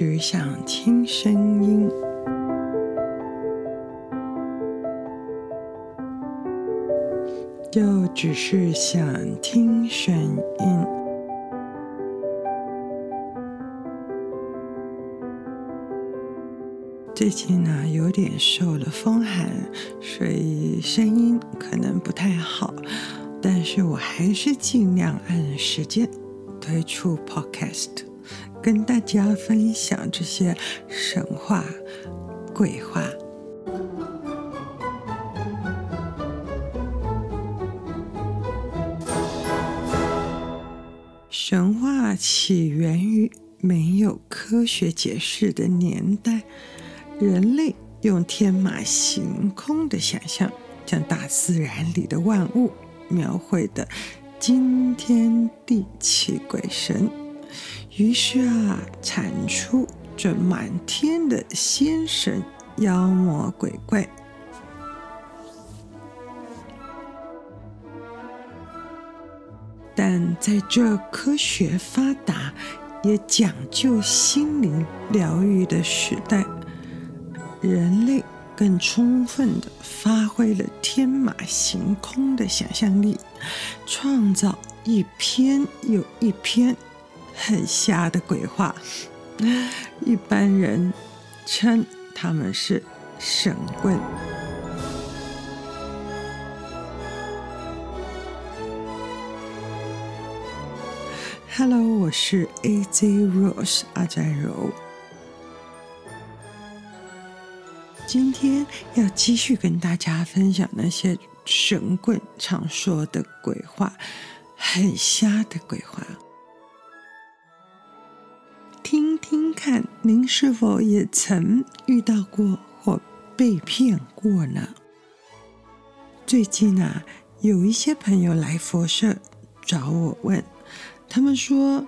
只想聽聲音，就只是想聽聲音。最近呢，有點受了風寒，所以聲音可能不太好，但是我還是盡量按時間推出 Podcast。跟大家分享這些神話、鬼話。神話起源於沒有科學解釋的年代，人類用天馬行空的想象，將大自然裡的萬物描繪的驚天地泣鬼神。於是啊，產出這滿天的仙神妖魔鬼怪。但在這科學發達、也講究心靈療癒的時代，人類更充分的發揮了天馬行空的想象力，創造一篇又一篇。很瞎的鬼話，一般人稱他們是神棍。Hello，我是 AZ Rose 阿在柔，今天要繼續跟大家分享那些神棍常說的鬼話，很瞎的鬼話。聽聽看，您是否也曾遇到過或被騙過呢？最近呢、啊，有一些朋友來佛社找我問，他們說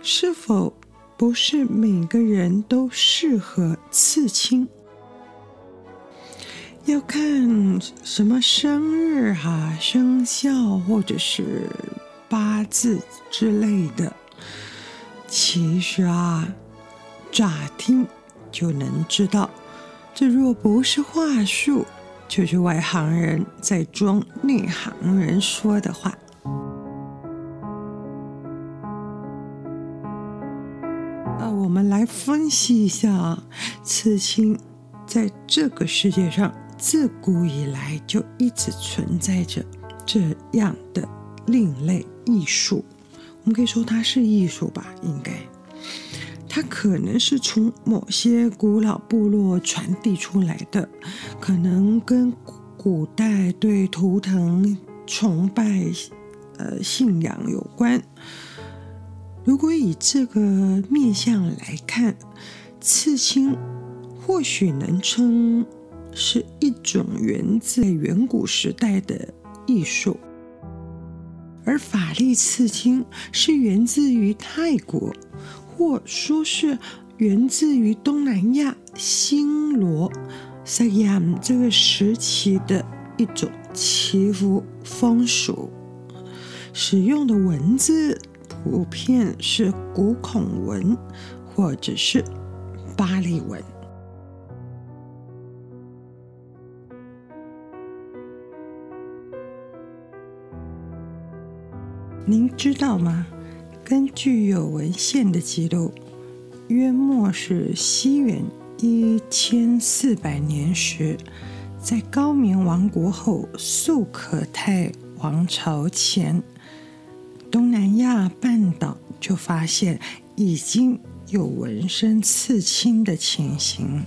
是否不是每個人都適合刺青？要看什麼生日哈、啊、生肖或者是八字之類的。其實啊，乍聽就能知道，這若不是話術，就是外行人在裝內行人說的話。那我們來分析一下啊，刺青在這個世界上自古以來就一直存在着這樣的另類藝術。我們可以說它是藝術吧，應該。它可能是從某些古老部落傳遞出來的，可能跟古代對圖騰崇拜、呃信仰有關。如果以這個面相來看，刺青或許能稱是一種源自遠古時代的藝術。而法力刺青是源自於泰國，或說是源自於東南亞暹羅、三養這個時期的一種祈福風俗，使用的文字普遍是古孔文，或者是巴利文。您知道嗎？根據有文獻的記錄，約莫是西元一千四百年時，在高棉王國後素可泰王朝前，東南亞半島就發現已經有文身刺青的情形。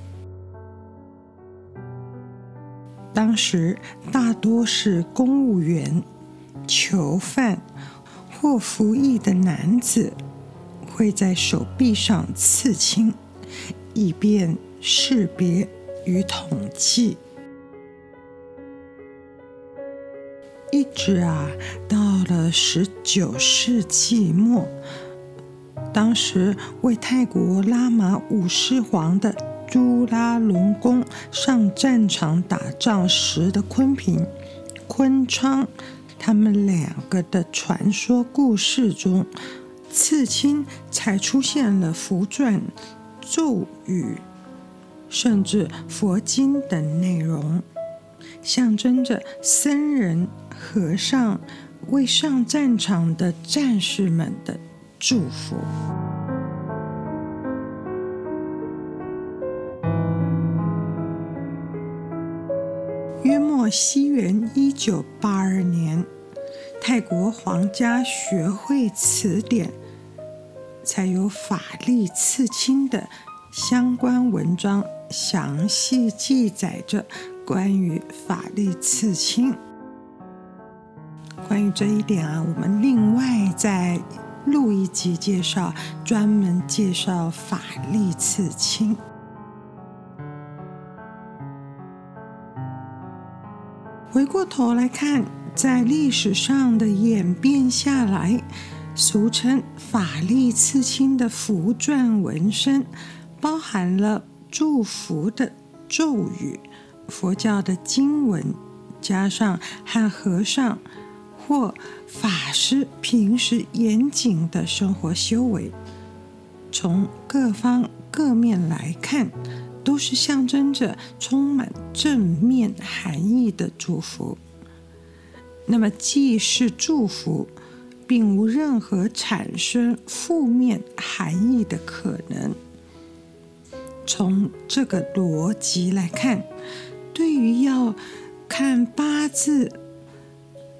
當時大多是公務員、囚犯。不服役的男子會在手臂上刺青，以便識別與統計。一直啊，到了十九世紀末，當時為泰國拉瑪五世皇的朱拉隆功上戰場打仗時的昆平、昆昌。他們兩個的傳說故事中，刺青才出現了符篆、咒語，甚至佛經等內容，象徵着僧人和上、和尚為上戰場的戰士們的祝福。約莫西元一九八二年，《泰國皇家學會詞典》才有法力刺青的相關文章，詳細記載着關於法力刺青。關於這一點啊，我們另外再錄一集介紹，專門介紹法力刺青。回過頭來看，在歷史上的演變下來，俗稱法力刺青的符篆紋身，包含了祝福的咒語、佛教的經文，加上和和尚或法師平時嚴謹的生活修為，從各方各面來看。都是象徵着充滿正面含義的祝福。那麼，既是祝福，並無任何產生負面含義的可能。從這個邏輯來看，對於要看八字、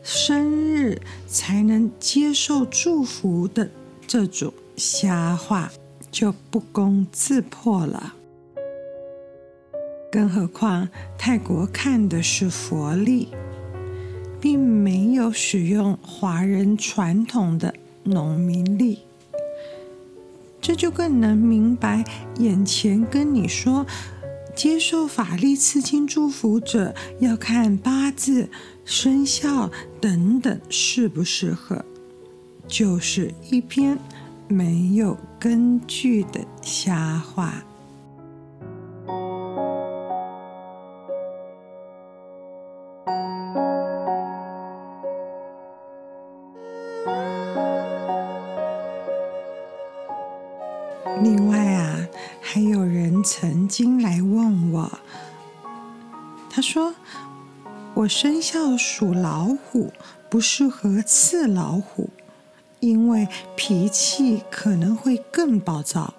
生日才能接受祝福的這種瞎話，就不攻自破了。更何況，泰國看的是佛力，並沒有使用華人傳統的農民曆，這就更能明白眼前跟你說，接受法力刺青祝福者要看八字、生肖等等適不適合，就是一篇沒有根據的瞎話。我生肖屬老虎，不適合刺老虎，因為脾氣可能會更暴躁。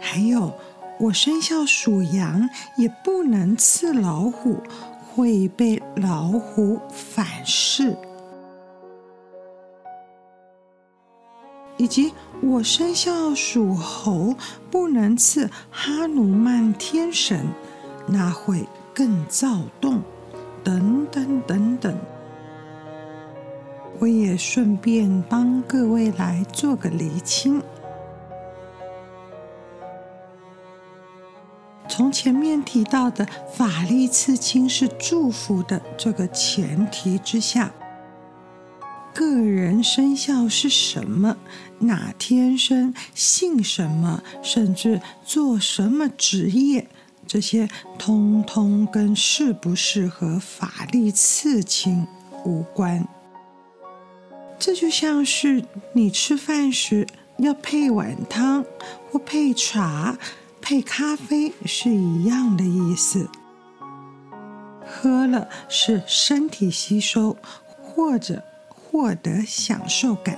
還有，我生肖屬羊，也不能刺老虎，會被老虎反噬。以及，我生肖屬猴，不能刺哈努曼天神，那會更躁動。等等等等，我也順便幫各位來做個釐清。從前面提到的法力刺青是祝福的這個前提之下，個人生肖是什麼？哪天生？姓什麼？甚至做什麼職業？這些通通跟適不適合法力刺青無關。這就像是你吃飯時要配碗湯，或配茶、配咖啡是一樣的意思。喝了是身體吸收，或者獲得享受感。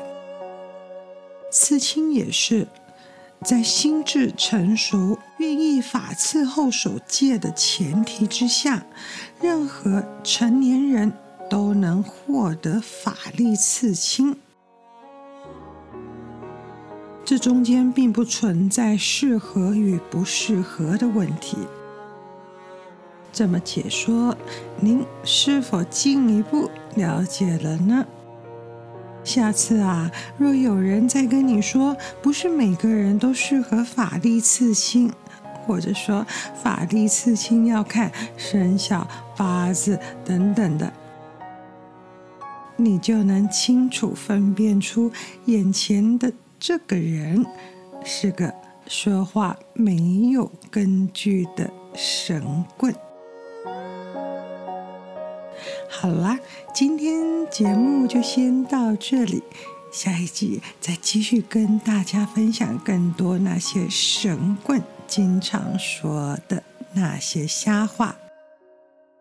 刺青也是，在心智成熟，在願意法刺後守戒的前提之下，任何成年人都能獲得法力刺青。這中間並不存在適合與不適合的問題。這麼解說，您是否進一步了解了呢？下次啊，若有人再跟你說“不是每個人都適合法力刺青”，或者說法力刺青要看生肖、八字等等的，你就能清楚分辨出眼前的這個人是個說話沒有根據的神棍。好啦，今天節目就先到這裡，下一集再繼續跟大家分享更多那些神棍。經常說的那些瞎話。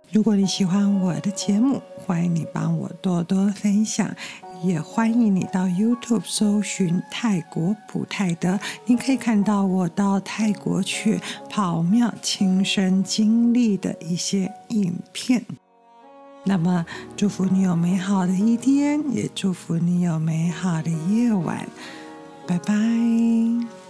如果你喜歡我的節目，歡迎你幫我多多分享，也歡迎你到 YouTube 搜尋泰國普泰德，你可以看到我到泰國去跑廟親身經歷的一些影片。那麼，祝福你有美好的一天，也祝福你有美好的夜晚。拜拜。